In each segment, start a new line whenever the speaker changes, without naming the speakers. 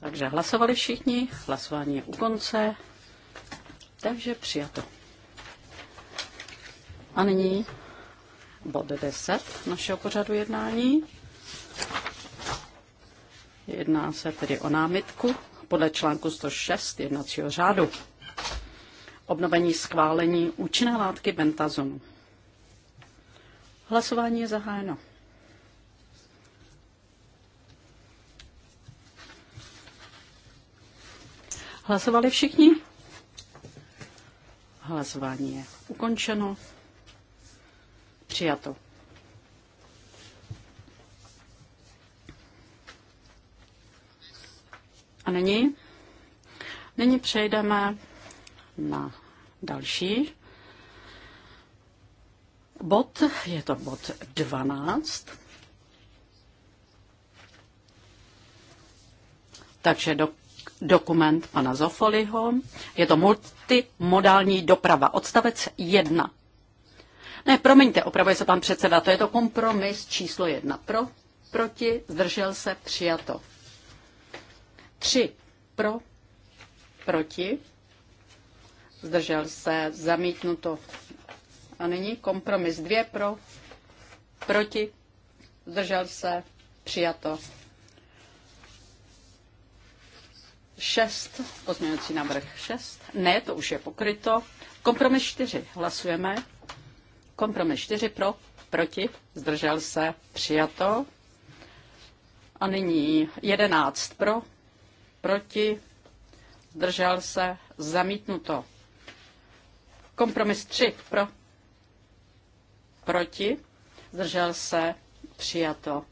Takže hlasovali všichni, hlasování je u konce, takže přijato. A nyní bod 10 našeho pořadu jednání. Jedná se tedy o námitku podle článku 106 jednacího řádu. Obnovení schválení účinné látky bentazonu. Hlasování je zahájeno. Hlasovali všichni? Hlasování je ukončeno. Přijato. A nyní? Nyní přejdeme na další bod. Je to bod 12. Takže do dokument pana Zofoliho. Je to multimodální doprava, odstavec 1. Ne, promiňte, opravuje se pan předseda, to je to kompromis číslo 1. Pro, proti, zdržel se, přijato. 3. Pro, proti, zdržel se, zamítnuto. A nyní kompromis 2 pro, proti, zdržel se, přijato. 6, pozměňovací návrh 6. Ne, to už je pokryto. Kompromis 4, hlasujeme. Kompromis 4 pro, proti, zdržel se, přijato. A nyní 11 pro, proti, zdržel se, zamítnuto. Kompromis 3 pro, proti, zdržel se, přijato.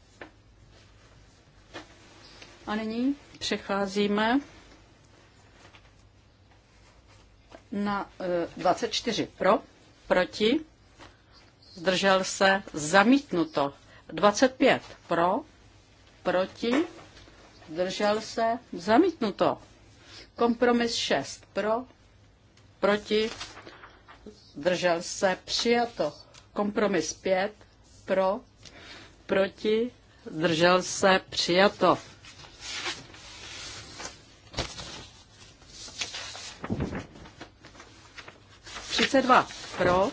A nyní přecházíme na 24 eh, pro, proti, zdržel se, zamítnuto. 25 pro, proti, zdržel se, zamítnuto. Kompromis 6 pro, proti, zdržel se, přijato. Kompromis 5 pro, proti, zdržel se, přijato. 32 pro,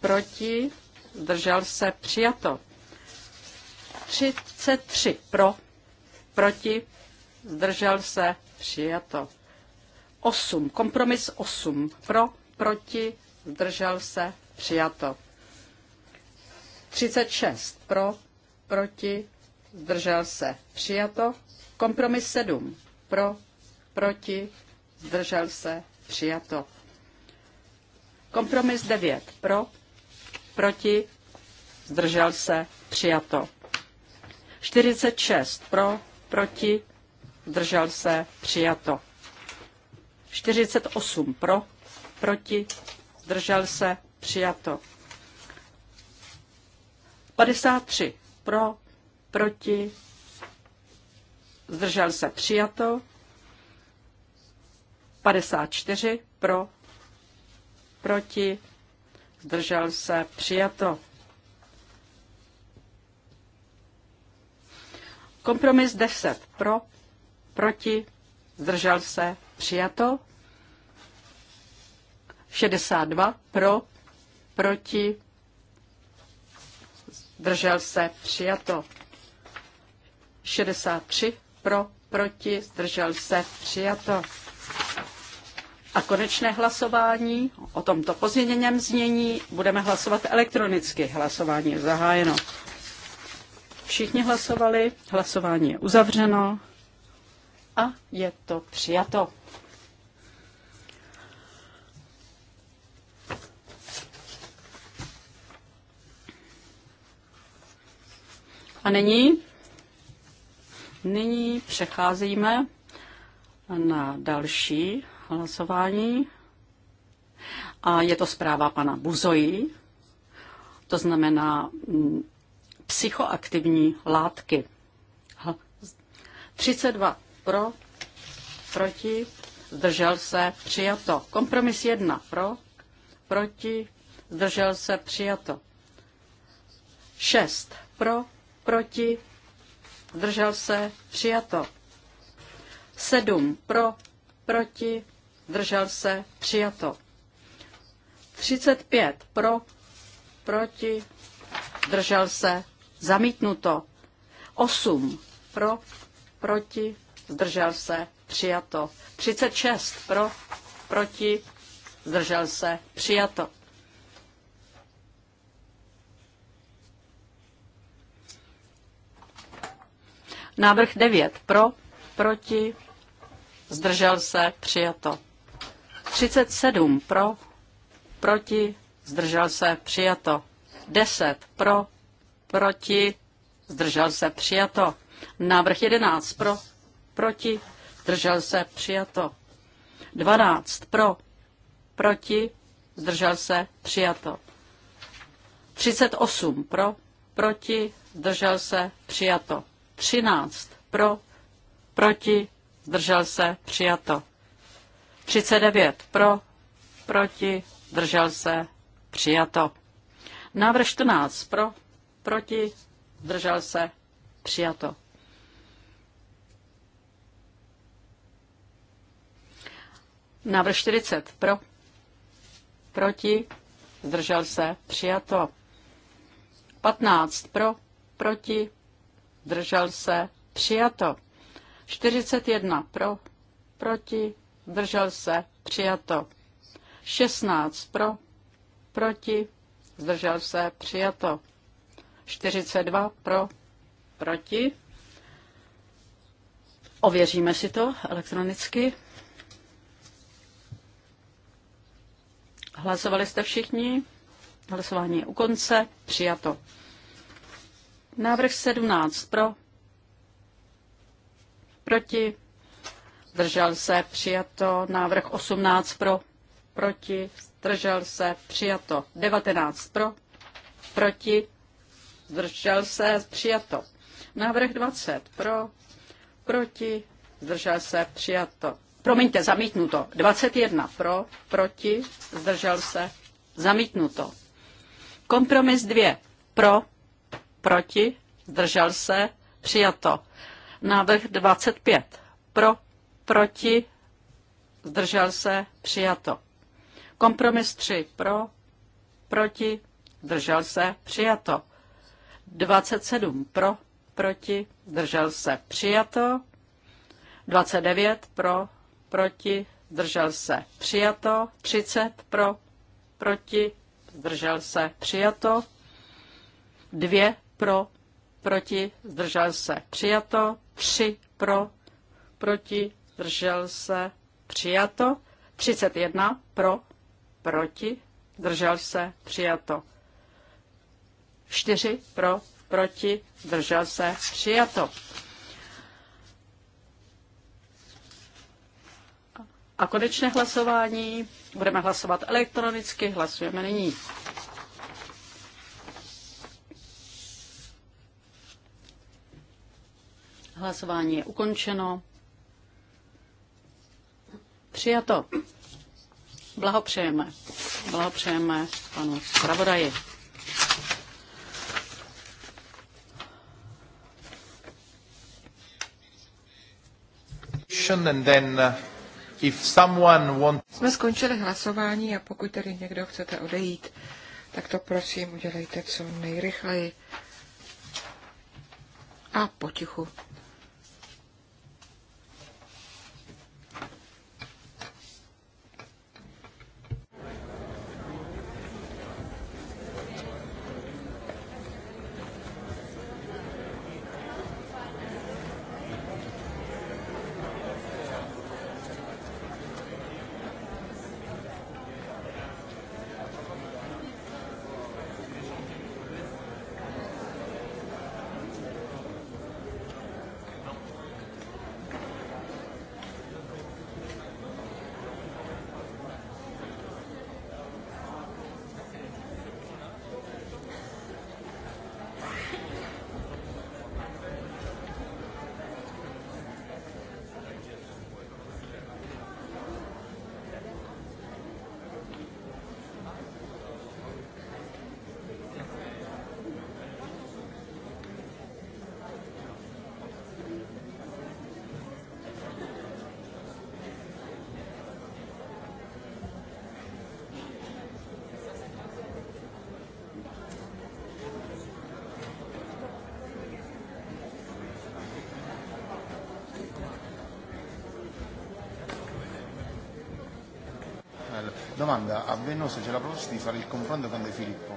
proti, zdržel se, přijato. 33 pro, proti, zdržel se, přijato. 8, kompromis 8 pro, proti, zdržel se, přijato. 36 pro, proti, zdržel se, přijato. Kompromis 7 pro, proti, zdržel se, přijato. Kompromis 9 pro, proti, zdržel se, přijato. 46 pro, proti, zdržel se, přijato. 48 pro, proti, zdržel se, přijato. 53 pro, proti, zdržel se, přijato. 54 pro, proti, zdržel se, přijato. Kompromis 10 pro, proti, zdržel se, přijato. 62 pro, proti, zdržel se, přijato. 63 pro, proti, zdržel se, přijato. A konečné hlasování o tomto pozměněném znění budeme hlasovat elektronicky. Hlasování je zahájeno. Všichni hlasovali, hlasování je uzavřeno a je to přijato. A nyní, nyní přecházíme na další hlasování. A je to zpráva pana Buzoji, to znamená mm, psychoaktivní látky. 32 pro, proti, zdržel se, přijato. Kompromis 1 pro, proti, zdržel se, přijato. 6 pro, proti, zdržel se, přijato. 7 pro, proti, zdržel se, přijato. 35 pro, proti, zdržel se, zamítnuto. 8 pro, proti, zdržel se, přijato. 36 pro, proti, zdržel se, přijato. Návrh 9 pro, proti, zdržel se, přijato. 37 pro, proti, zdržel se, přijato. 10 pro, proti, zdržel se, přijato. Návrh 11 pro, proti, zdržel se, přijato. 12 pro, proti, zdržel se, přijato. 38 pro, proti, zdržel se, přijato. 13 pro, proti, zdržel se, přijato. 39 pro, proti, držel se, přijato. Návrh 14 pro, proti, držel se, přijato. Návrh 40 pro, proti, zdržel se, přijato. 15 pro, proti, zdržel se, přijato. 41 pro, proti, zdržel se, přijato. 16 pro, proti, zdržel se, přijato. 42 pro, proti. Ověříme si to elektronicky. Hlasovali jste všichni? Hlasování je u konce. Přijato. Návrh 17 pro, proti, zdržel se, přijato. Návrh 18 pro, proti, zdržel se, přijato. 19 pro, proti, zdržel se, přijato. Návrh 20 pro, proti, zdržel se, přijato. Promiňte, zamítnuto. 21 pro, proti, zdržel se, zamítnuto. Kompromis 2 pro, proti, zdržel se, přijato. Návrh 25 pro, proti, zdržel se, přijato. Kompromis 3 pro, proti, zdržel se, přijato. 27 pro, proti, zdržel se, přijato. 29 pro, proti, zdržel se, přijato. 30 pro, proti, zdržel se, přijato. 2 pro, proti, zdržel se, přijato. 3 pro, proti, zdržel se, přijato. 31 pro, proti, zdržel se, přijato. 4 pro, proti, zdržel se, přijato. A konečné hlasování budeme hlasovat elektronicky, hlasujeme nyní. Hlasování je ukončeno. Přijato. Blahopřejeme. Blahopřejeme panu zpravodaji.
Uh, Jsme skončili hlasování a pokud tedy někdo chcete odejít, tak to prosím udělejte co nejrychleji a potichu. domanda a Venosa c'è la proposta di fare il confronto con De Filippo.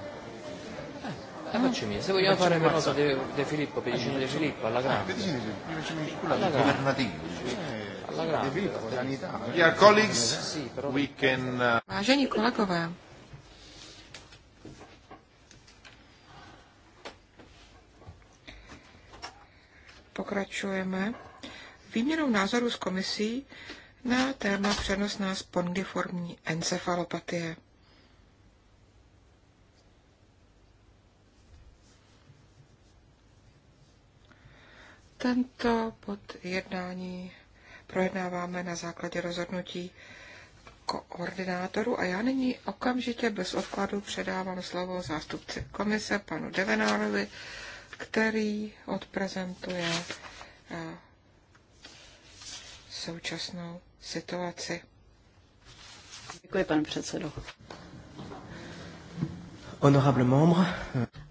Eh, mm. Eh, faccio mia, se vogliamo fare una cosa De, De Filippo, Pedicino De Filippo, alla ah, grande. Pedicino De Filippo, facciamo il Alla grande. De Filippo, eh, sanità. Dear colleagues, eh, we can... Vážení uh, ah, kolegové, pokračujeme výměnou názoru s komisí na téma přenosná spongiformní encefalopatie. Tento bod jednání projednáváme na základě rozhodnutí koordinátoru a já nyní okamžitě bez odkladu předávám slovo zástupci komise panu Devenárovi, který odprezentuje eh, současnou situaci. Děkuji, pane předsedo. Honorable membre.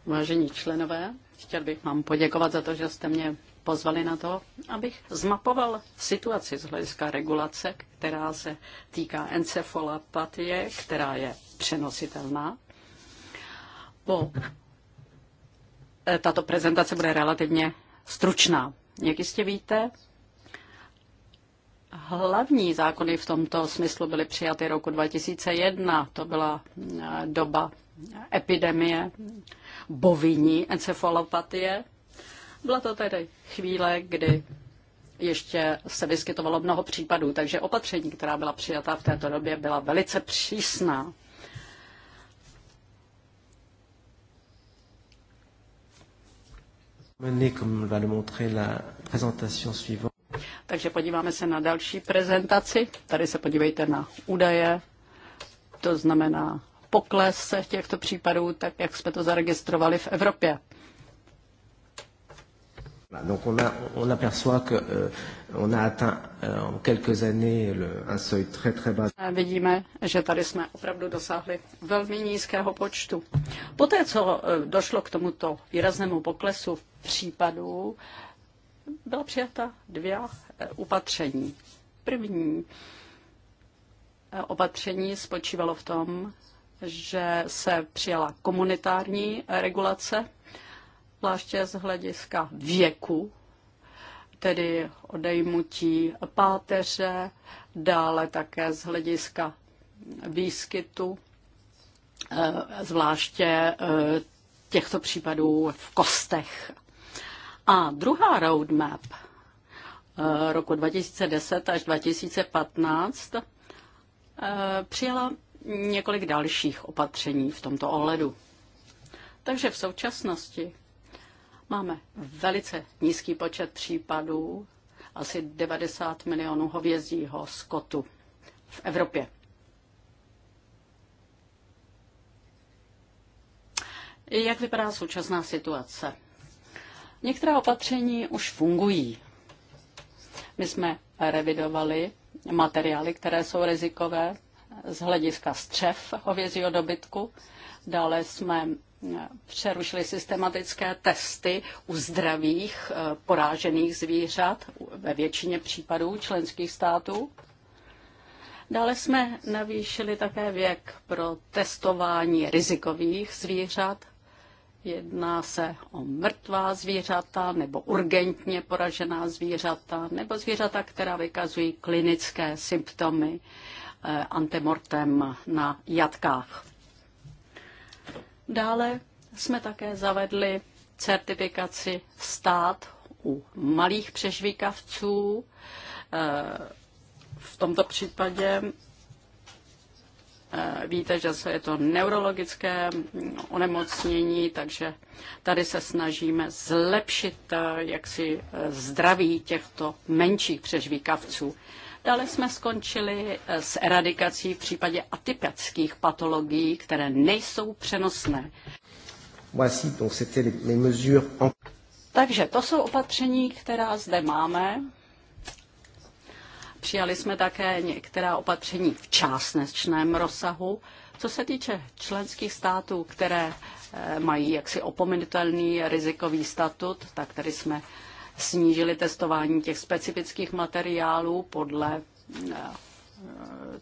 Vážení
členové, chtěl bych vám poděkovat za to, že jste mě pozvali na to, abych zmapoval situaci z hlediska regulace, která se týká encefalopatie, která je přenositelná. Po eh, tato prezentace bude relativně stručná. Jak jistě víte, Hlavní zákony v tomto smyslu byly přijaty roku 2001. To byla eh, doba epidemie bovinní encefalopatie. Byla to tedy chvíle, kdy ještě se vyskytovalo mnoho případů, takže opatření, která byla přijata v této době, byla velice přísná.
Nick, comme va le montrer la présentation suivante.
Takže podíváme se na další prezentaci. Tady se podívejte na údaje, to znamená pokles těchto případů, tak jak jsme to zaregistrovali v Evropě.
Donc on, a, on aperçoit que euh, on a atteint euh, en quelques années le, un seuil très très bas.
Vidíme, že tady jsme opravdu dosáhli velmi nízkého počtu. Poté, co euh, došlo k tomuto výraznému poklesu v případů, byla přijata dvě upatření. Eh, První eh, opatření spočívalo v tom, že se přijala komunitární eh, regulace, zvláště z hlediska věku, tedy odejmutí páteře, dále také z hlediska výskytu, zvláště těchto případů v kostech a druhá roadmap eh, roku 2010 až 2015 eh, přijala několik dalších opatření v tomto ohledu. Takže v současnosti máme velice nízký počet případů, asi 90 milionů hovězího skotu v Evropě. Jak vypadá současná situace? Některá opatření už fungují. My jsme revidovali materiály, které jsou rizikové z hlediska střev hovězího dobytku. Dále jsme eh, přerušili systematické testy u zdravých eh, porážených zvířat ve většině případů členských států. Dále jsme navýšili také věk pro testování rizikových zvířat Jedná se o mrtvá zvířata nebo urgentně poražená zvířata nebo zvířata, která vykazují klinické symptomy eh, antemortem na jatkách. Dále jsme také zavedli certifikaci stát u malých přežvíkavců. Eh, v tomto případě Eh, víte, že je to neurologické onemocnění, takže tady se snažíme zlepšit eh, jaksi eh, zdraví těchto menších přežvíkavců. Dále jsme skončili s eradikací v případě atypických patologií, které nejsou přenosné. Takže to jsou opatření, která zde máme Přijali jsme také některá opatření v částečném rozsahu. Co se týče členských států, které eh, mají jaksi opomenutelný rizikový statut, tak tady jsme snížili testování těch specifických materiálů podle eh,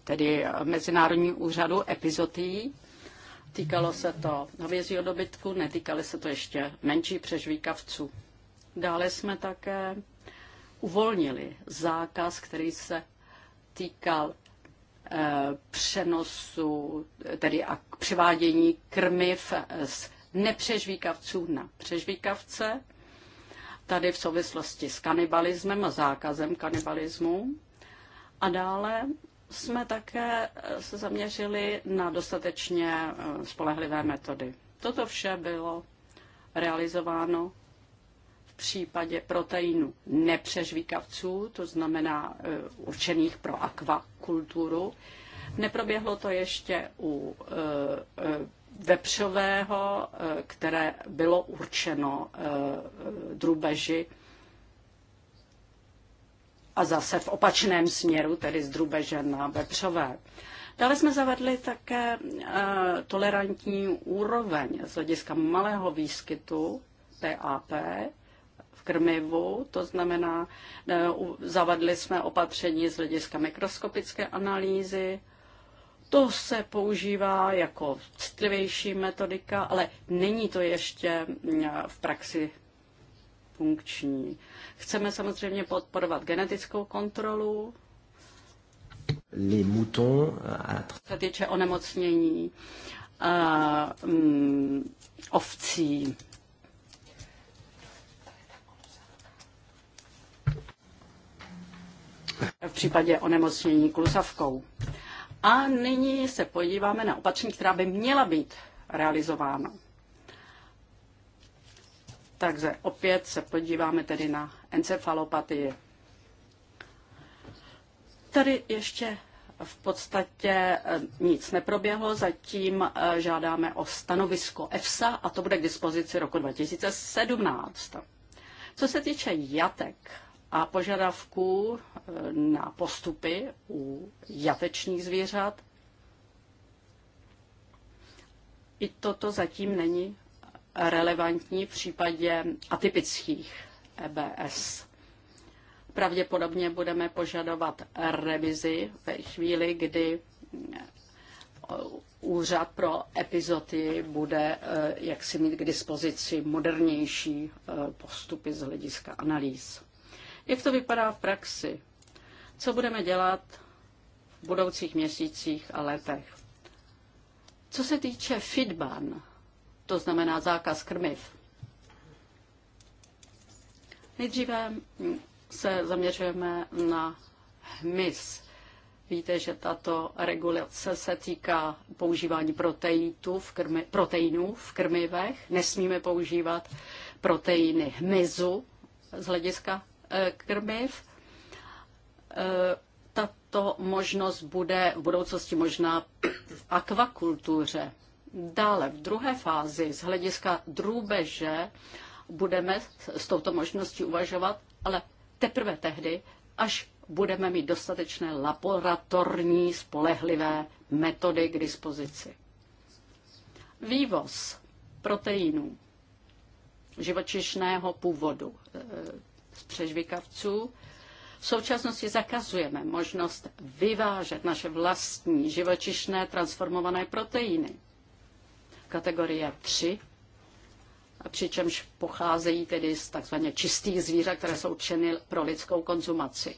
tedy Mezinárodní úřadu epizotí. Týkalo se to hovězího dobytku, netýkalo se to ještě menší přežvíkavců. Dále jsme také uvolnili zákaz, který se týkal eh, přenosu, tedy a převádění krmiv eh, z nepřežvíkavců na přežvíkavce, tady v souvislosti s kanibalismem a zákazem kanibalismu. A dále jsme také eh, se zaměřili na dostatečně spolehlivé metody. Toto vše bylo realizováno případě proteinu nepřežvíkavců, to znamená e, určených pro akvakulturu. Neproběhlo to ještě u e, e, vepřového, které bylo určeno drubeži a zase v opačném směru, tedy z drubeže na vepřové. Dále jsme zavedli také tolerantní úroveň z hlediska malého výskytu PAP krmivu, to znamená, e, zavadli jsme opatření z hlediska mikroskopické analýzy. To se používá jako citlivější metodika, ale není to ještě v praxi funkční. Chceme samozřejmě podporovat genetickou kontrolu. Les moutons a... Euh, se týče onemocnění a, mm, ovcí. v případě onemocnění klusavkou. A nyní se podíváme na opatření, která by měla být realizována. Takže opět se podíváme tedy na encefalopatii. Tady ještě v podstatě eh, nic neproběhlo, zatím eh, žádáme o stanovisko EFSA a to bude k dispozici roku 2017. Co se týče jatek, a požadavků eh, na postupy u jatečních zvířat. I toto zatím není relevantní v případě atypických EBS. Pravděpodobně budeme požadovat revizi ve chvíli, kdy eh, úřad pro epizody bude eh, jaksi mít k dispozici modernější postupy z hlediska analýz. Jak to vypadá v praxi? Co budeme dělat v budoucích měsících a letech? Co se týče fitban, to znamená zákaz krmiv, nejdříve se zaměřujeme na hmyz. Víte, že tato regulace se týká používání proteinů v, krmi, proteinů v krmivech. Nesmíme používat proteiny hmyzu z hlediska Eh, krmiv. Eh, tato možnost bude v budoucnosti možná v akvakultuře. Dále v druhé fázi z hlediska drůbeže budeme s touto možností uvažovat, ale teprve tehdy, až budeme mít dostatečné laboratorní spolehlivé metody k dispozici. Vývoz proteinů živočišného původu přežvykavců. V současnosti zakazujeme možnost vyvážet naše vlastní živočišné transformované proteiny. Kategorie 3, přičemž pocházejí tedy z takzvaně čistých zvířat, které jsou určeny pro lidskou konzumaci.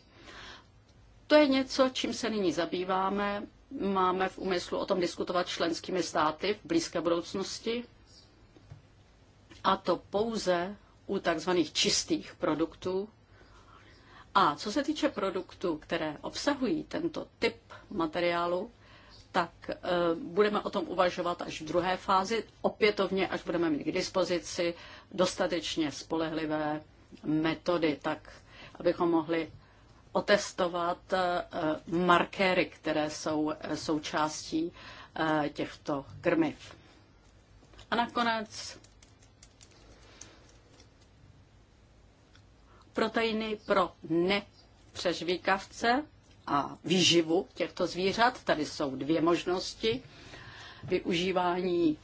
To je něco, čím se nyní zabýváme. Máme v úmyslu o tom diskutovat členskými státy v blízké budoucnosti. A to pouze u tzv. čistých produktů. A co se týče produktů, které obsahují tento typ materiálu, tak e, budeme o tom uvažovat až v druhé fázi, opětovně, až budeme mít k dispozici dostatečně spolehlivé metody, tak abychom mohli otestovat e, markéry, které jsou e, součástí e, těchto krmiv. A nakonec proteiny pro nepřežvíkavce a výživu těchto zvířat. Tady jsou dvě možnosti. Využívání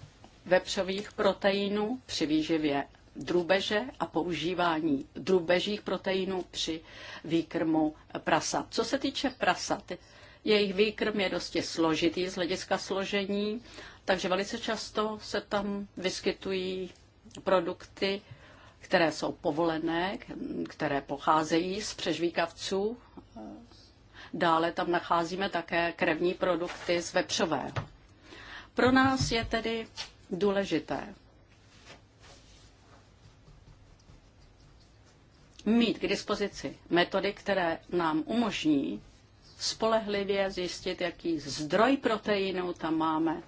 vepřových proteinů při výživě drůbeže a používání drůbežích proteinů při výkrmu prasat. Co se týče prasat, jejich výkrm je dosti složitý z hlediska složení, takže velice často se tam vyskytují produkty, které jsou povolené, které pocházejí z přežvíkavců. Dále tam nacházíme také krevní produkty z vepřového. Pro nás je tedy důležité mít k dispozici metody, které nám umožní spolehlivě zjistit, jaký zdroj proteinu tam máme.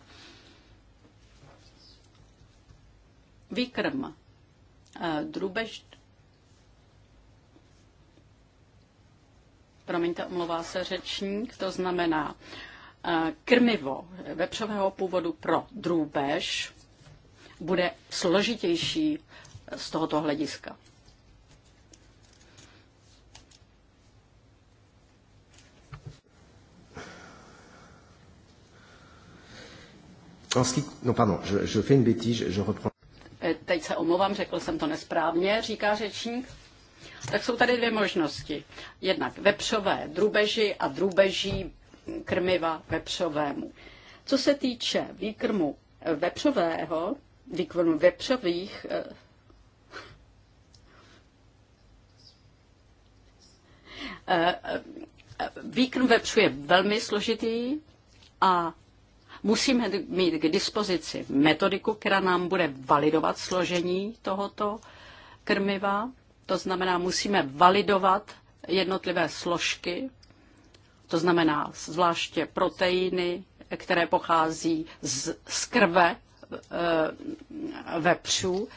Výkrm Eh, Drubež, promiňte, omlouvá se řečník, to znamená eh, krmivo vepřového původu pro drůbež bude složitější eh, z tohoto hlediska.
No pardon, je, je fais une bêtise, je reprends
teď se omlouvám, řekl jsem to nesprávně, říká řečník, tak jsou tady dvě možnosti. Jednak vepřové drubeži a drubeží krmiva vepřovému. Co se týče výkrmu vepřového, výkrmu vepřových eh, eh, eh, Výkrm vepřu je velmi složitý a Musíme mít k dispozici metodiku, která nám bude validovat složení tohoto krmiva. To znamená, musíme validovat jednotlivé složky, to znamená zvláště proteiny, které pochází z, z krve e, vepřů.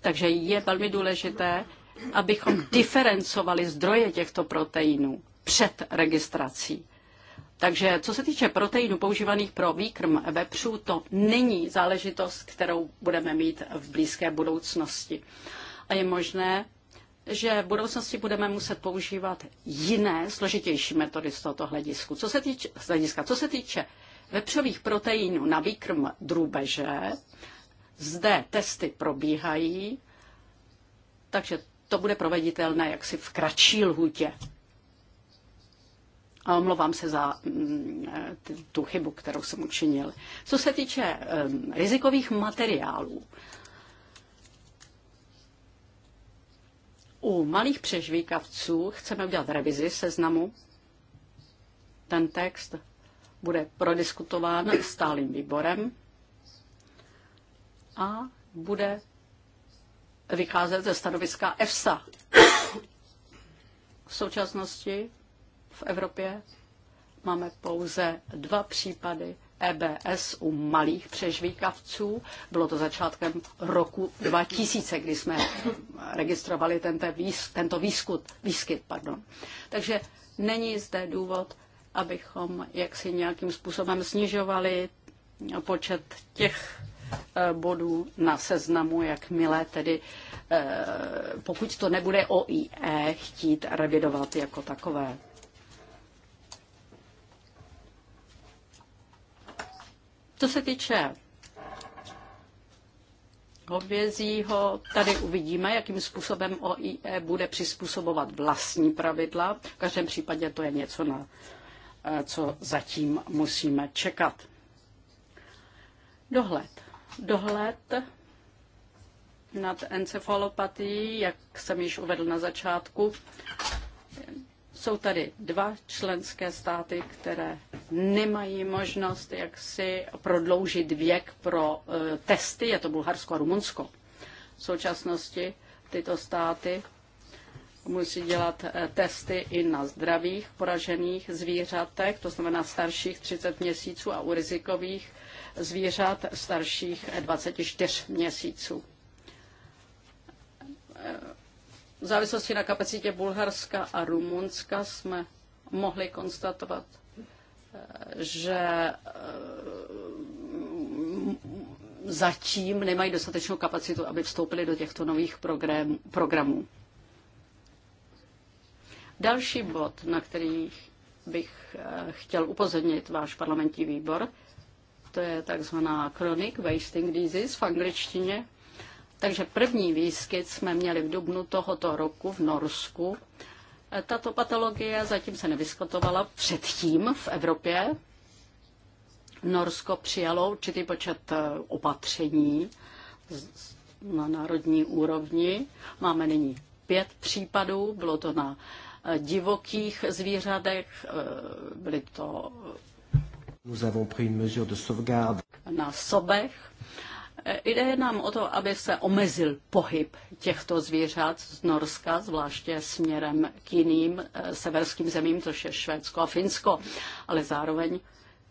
Takže je velmi důležité, abychom diferencovali zdroje těchto proteinů před registrací. Takže co se týče proteinů používaných pro výkrm vepřů, to není záležitost, kterou budeme mít v blízké budoucnosti. A je možné, že v budoucnosti budeme muset používat jiné, složitější metody z tohoto hledisku. Co se týče, z hlediska. Co se týče vepřových proteinů na výkrm drůbeže, zde testy probíhají, takže to bude proveditelné jaksi v kratší lhůtě. A omlouvám se za mm, eh, tu chybu, kterou jsem učinil. Co se týče eh, rizikových materiálů, u malých přežvíkavců chceme udělat revizi seznamu. Ten text bude prodiskutován stálým výborem a bude vycházet ze stanoviska EFSA. V současnosti v Evropě. Máme pouze dva případy EBS u malých přežvíkavců. Bylo to začátkem roku 2000, kdy jsme registrovali tento, tento výskut, výskyt. Pardon. Takže není zde důvod, abychom jaksi nějakým způsobem snižovali počet těch e, bodů na seznamu, jakmile tedy, e, pokud to nebude OIE chtít revidovat jako takové. Co se týče hovězího, tady uvidíme, jakým způsobem OIE bude přizpůsobovat vlastní pravidla. V každém případě to je něco, na eh, co zatím musíme čekat. Dohled. Dohled nad encefalopatií, jak jsem již uvedl na začátku, jsou tady dva členské státy, které nemají možnost jak si prodloužit věk pro e, testy, je to Bulharsko a Rumunsko. V současnosti tyto státy musí dělat e, testy i na zdravých poražených zvířatech, to znamená starších 30 měsíců a u rizikových zvířat starších 24 měsíců v závislosti na kapacitě Bulharska a Rumunska jsme mohli konstatovat, eh, že eh, zatím nemají dostatečnou kapacitu, aby vstoupili do těchto nových programů. Další bod, na který bych eh, chtěl upozornit váš parlamentní výbor, to je takzvaná chronic wasting disease v angličtině, takže první výskyt jsme měli v dubnu tohoto roku v Norsku. Tato patologie zatím se nevyskytovala předtím v Evropě. Norsko přijalo určitý počet eh, opatření na národní úrovni. Máme nyní pět případů, bylo to na eh, divokých zvířatech, eh, byly to na sobech Eh, jde nám o to, aby se omezil pohyb těchto zvířat z Norska, zvláště směrem k jiným eh, severským zemím, což je Švédsko a Finsko, ale zároveň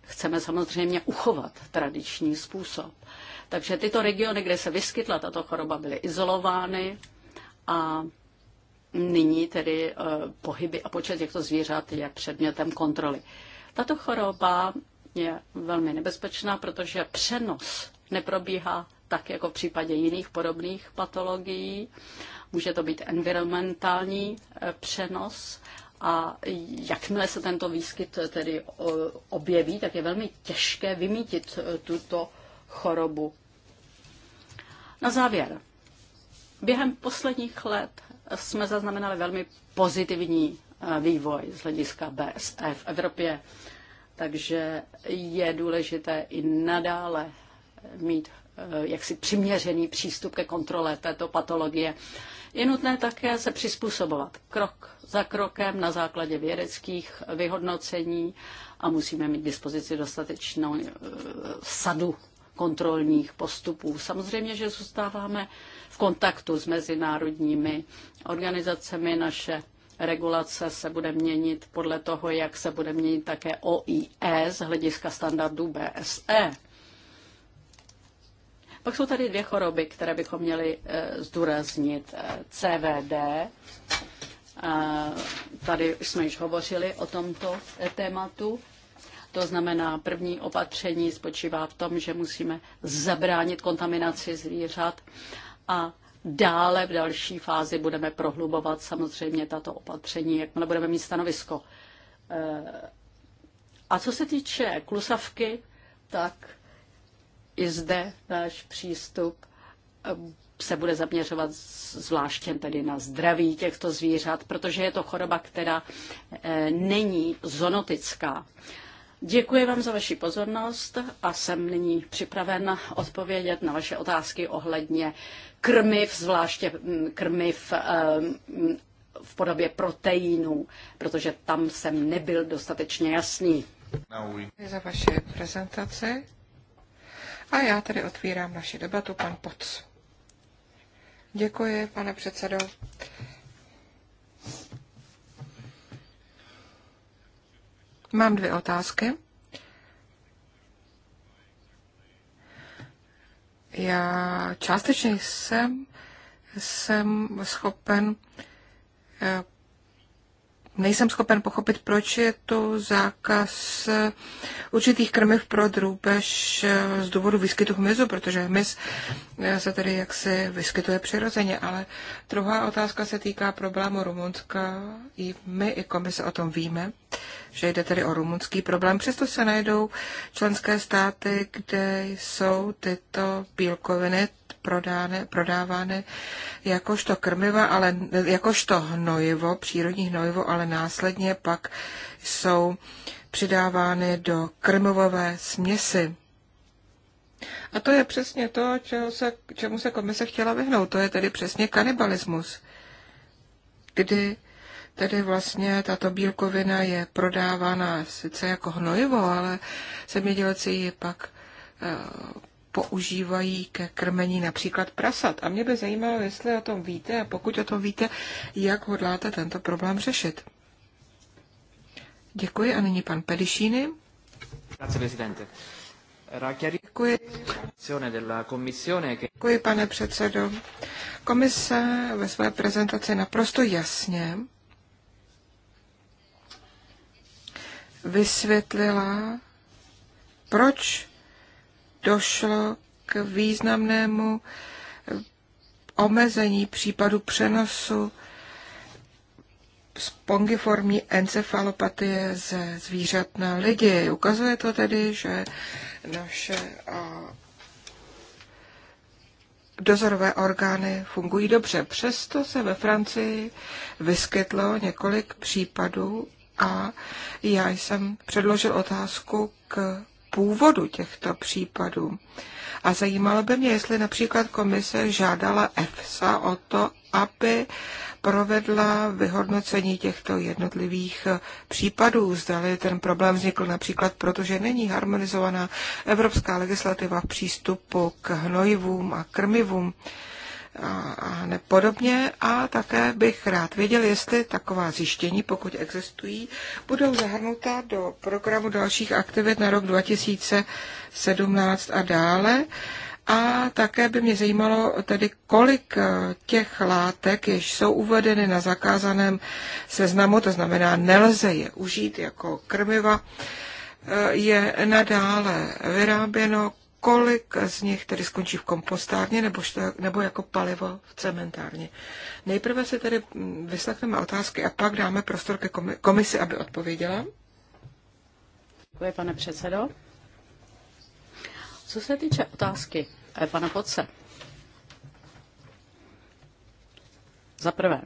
chceme samozřejmě uchovat tradiční způsob. Takže tyto regiony, kde se vyskytla tato choroba, byly izolovány a nyní tedy eh, pohyby a počet těchto zvířat je předmětem kontroly. Tato choroba je velmi nebezpečná, protože přenos neprobíhá tak jako v případě jiných podobných patologií. Může to být environmentální e, přenos a jakmile se tento výskyt e, tedy objeví, tak je velmi těžké vymítit e, tuto chorobu. Na závěr. Během posledních let jsme zaznamenali velmi pozitivní vývoj z hlediska BSE v Evropě, takže je důležité i nadále mít eh, jaksi přiměřený přístup ke kontrole této patologie. Je nutné také se přizpůsobovat krok za krokem na základě vědeckých vyhodnocení a musíme mít k dispozici dostatečnou eh, sadu kontrolních postupů. Samozřejmě, že zůstáváme v kontaktu s mezinárodními organizacemi. Naše regulace se bude měnit podle toho, jak se bude měnit také OIE z hlediska standardů BSE. Pak jsou tady dvě choroby, které bychom měli eh, zdůraznit. Eh, CVD, tady už jsme již hovořili o tomto eh, tématu. To znamená, první opatření spočívá v tom, že musíme zabránit kontaminaci zvířat a dále v další fázi budeme prohlubovat samozřejmě tato opatření, jakmile budeme mít stanovisko. A co se týče klusavky, tak i zde náš přístup eh, se bude zaměřovat zvláště tedy na zdraví těchto zvířat, protože je to choroba, která eh, není zonotická. Děkuji vám za vaši pozornost a jsem nyní připraven odpovědět na vaše otázky ohledně krmiv, zvláště mm, krmiv ehm, v podobě proteinů, protože tam jsem nebyl dostatečně jasný.
Za vaše prezentace a já tedy otvírám naši debatu, pan Poc. Děkuji, pane předsedo. Mám dvě otázky. Já částečně jsem, jsem schopen eh, nejsem schopen pochopit, proč je to zákaz určitých krmiv pro drůbež eh, z důvodu výskytu hmyzu, protože hmyz eh, se tedy jaksi vyskytuje přirozeně. Ale druhá otázka se týká problému Rumunska. I my, i komise o tom víme, že jde tedy o rumunský problém. Přesto se najdou členské státy, kde jsou tyto bílkoviny prodáne, prodávány jakožto krmiva, ale jakožto hnojivo, přírodní hnojivo, ale následně pak jsou přidávány do krmivové směsi. A to je přesně to, čeho se, čemu se komise chtěla vyhnout. To je tedy přesně kanibalismus, kdy tedy vlastně tato bílkovina je prodávána sice jako hnojivo, ale zemědělci ji pak eh, používají ke krmení například prasat. A mě by zajímalo, jestli o tom víte a pokud o tom víte, jak hodláte tento problém řešit. Děkuji a nyní pan Pedišíny. Děkuji. Děkuji, pane předsedo. Komise ve své prezentaci naprosto jasně vysvětlila, proč došlo k významnému omezení případu přenosu spongiformní encefalopatie ze zvířat na lidi. Ukazuje to tedy, že naše dozorové orgány fungují dobře. Přesto se ve Francii vyskytlo několik případů a já jsem předložil otázku k původu těchto případů. A zajímalo by mě, jestli například komise žádala EFSA o to, aby provedla vyhodnocení těchto jednotlivých případů. Zdali ten problém vznikl například proto, že není harmonizovaná evropská legislativa v přístupu k hnojivům a krmivům a, a nepodobně. A také bych rád věděl, jestli taková zjištění, pokud existují, budou zahrnuta do programu dalších aktivit na rok 2017 a dále. A také by mě zajímalo tedy, kolik eh, těch látek, jež jsou uvedeny na zakázaném seznamu, to znamená, nelze je užít jako krmiva, eh, je nadále vyráběno, kolik z nich tedy skončí v kompostárně nebo, šta, nebo jako palivo v cementárně. Nejprve si tedy vyslechneme otázky a pak dáme prostor ke komisi, aby odpověděla. Děkuji, pane předsedo.
Co se týče otázky eh, pana Podce? za prvé,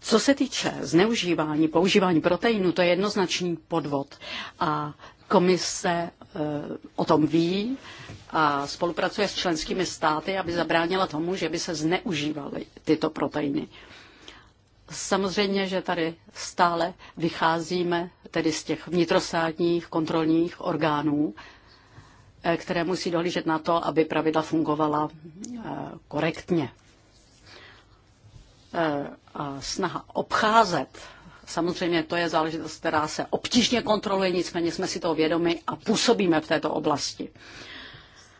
Co se týče zneužívání, používání proteinu, to je jednoznačný podvod. A Komise eh, o tom ví a spolupracuje s členskými státy, aby zabránila tomu, že by se zneužívaly tyto proteiny. Samozřejmě, že tady stále vycházíme tedy z těch vnitrostátních kontrolních orgánů, eh, které musí dohlížet na to, aby pravidla fungovala eh, korektně. A snaha obcházet Samozřejmě to je záležitost, která se obtížně kontroluje, nicméně jsme si toho vědomi a působíme v této oblasti.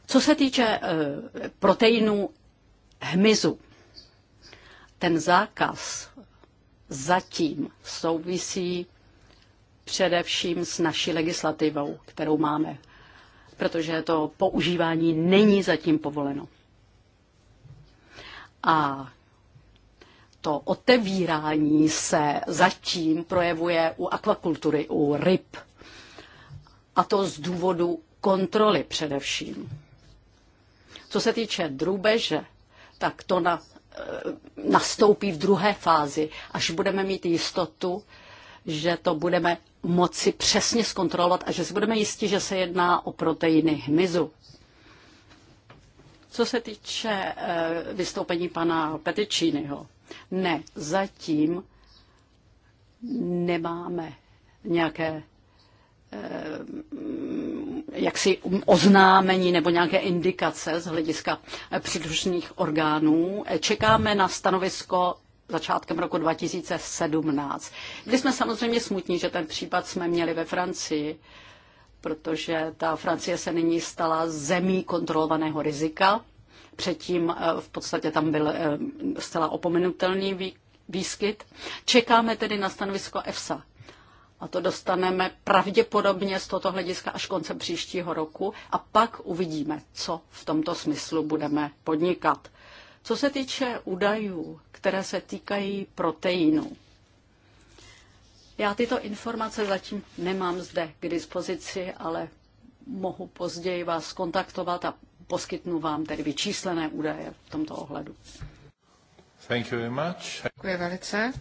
Co se týče eh, proteinů hmyzu, ten zákaz zatím souvisí především s naší legislativou, kterou máme, protože to používání není zatím povoleno. A to otevírání se zatím projevuje u akvakultury, u ryb. A to z důvodu kontroly především. Co se týče drůbeže, tak to na, eh, nastoupí v druhé fázi, až budeme mít jistotu, že to budeme moci přesně zkontrolovat a že si budeme jistí, že se jedná o proteiny hmyzu. Co se týče eh, vystoupení pana Petičínyho, ne, zatím nemáme nějaké eh, jaksi oznámení nebo nějaké indikace z hlediska příslušných orgánů. Eh, čekáme na stanovisko začátkem roku 2017. Byli jsme samozřejmě smutní, že ten případ jsme měli ve Francii, protože ta Francie se nyní stala zemí kontrolovaného rizika Předtím eh, v podstatě tam byl eh, zcela opomenutelný výskyt. Čekáme tedy na stanovisko EFSA. A to dostaneme pravděpodobně z tohoto hlediska až koncem příštího roku a pak uvidíme, co v tomto smyslu budeme podnikat. Co se týče údajů, které se týkají proteinů, já tyto informace zatím nemám zde k dispozici, ale mohu později vás kontaktovat a poskytnu vám tedy vyčíslené
údaje v tomto ohledu. Thank you very much. Děkuji velice.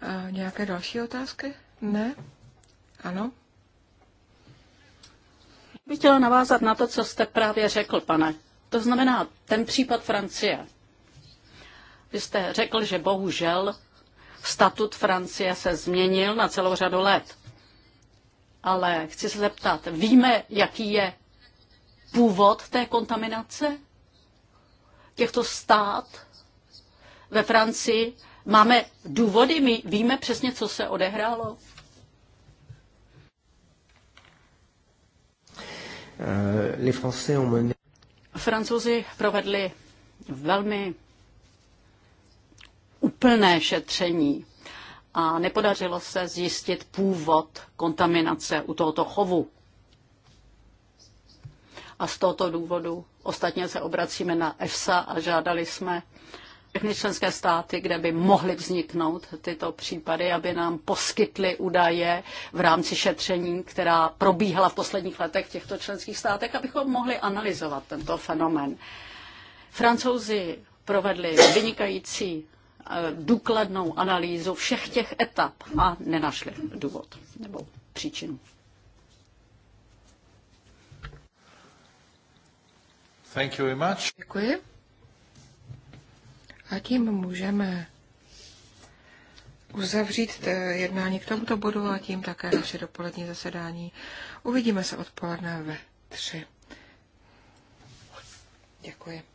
A nějaké další otázky? Ne? Ano?
Bych chtěla navázat na to, co jste právě řekl, pane. To znamená ten případ Francie. Vy jste řekl, že bohužel statut Francie se změnil na celou řadu let. Ale chci se zeptat, víme, jaký je původ té kontaminace těchto stát ve Francii? Máme důvody, my víme přesně, co se odehrálo?
Eh,
Francouzi provedli velmi úplné šetření a nepodařilo se zjistit původ kontaminace u tohoto chovu a z tohoto důvodu ostatně se obracíme na EFSA a žádali jsme všechny členské státy, kde by mohly vzniknout tyto případy, aby nám poskytly údaje v rámci šetření, která probíhala v posledních letech v těchto členských státech, abychom mohli analyzovat tento fenomen. Francouzi provedli vynikající eh, důkladnou analýzu všech těch etap a nenašli důvod nebo příčinu.
Thank you very much. Děkuji. A tím můžeme uzavřít jednání k tomuto bodu a tím také naše dopolední zasedání. Uvidíme se odpoledne ve tři. Děkuji.